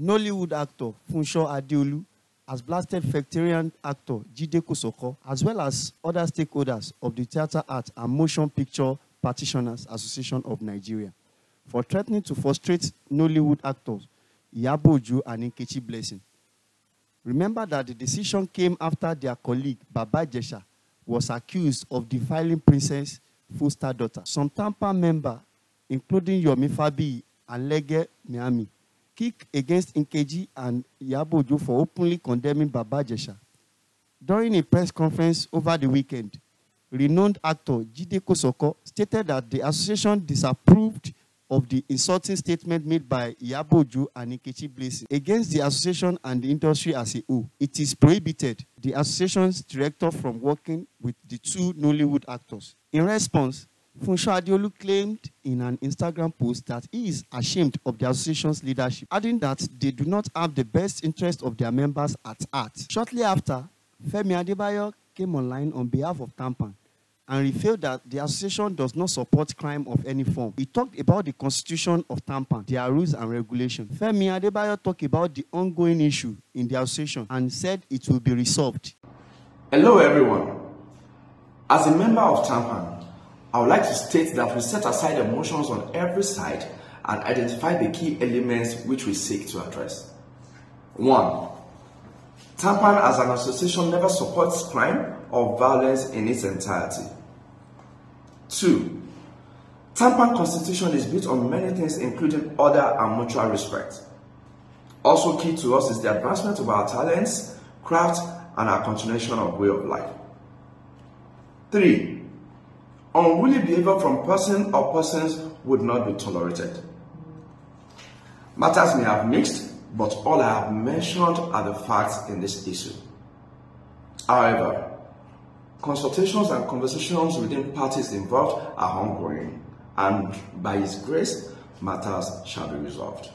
Nollywood actor Funsho Adeolu has blasted veteran actor Jide Kosoko, as well as other stakeholders of the Theatre Art and Motion Picture Practitioners Association of Nigeria for threatening to frustrate Nollywood actors Iyabo Ojo and Nkechi Blessing. Remember that the decision came after their colleague Baba Ijesha was accused of defiling Princess Foster daughter. Some Tampa member, including Yomi Fabi and Lege Miami, kick against Nkeji and Iyabo for openly condemning Baba Ijesha. During a press conference over the weekend, renowned actor Jide Kosoko stated that the association disapproved of the insulting statement made by Iyabo and Nkechi Blessing against the association and the industry as a whole. It is prohibited the association's director from working with the two Nollywood actors. In response, Funsho Adeolu claimed in an Instagram post that he is ashamed of the association's leadership, adding that they do not have the best interest of their members at heart. Shortly after, Femi Adebayo came online on behalf of Tampan and revealed that the association does not support crime of any form. He talked about the constitution of Tampan, their rules and regulations. Femi Adebayo talked about the ongoing issue in the association and said it will be resolved. Hello everyone. As a member of Tampan, I would like to state that we set aside emotions on every side and identify the key elements which we seek to address. 1. Tampan as an association never supports crime or violence in its entirety. 2. Tampan constitution is built on many things including order and mutual respect. Also key to us is the advancement of our talents, craft, and our continuation of way of life. 3. unruly behavior from person or persons would not be tolerated. Matters may have mixed, but all I have mentioned are the facts in this issue. However, consultations and conversations within parties involved are ongoing, and by His grace, matters shall be resolved.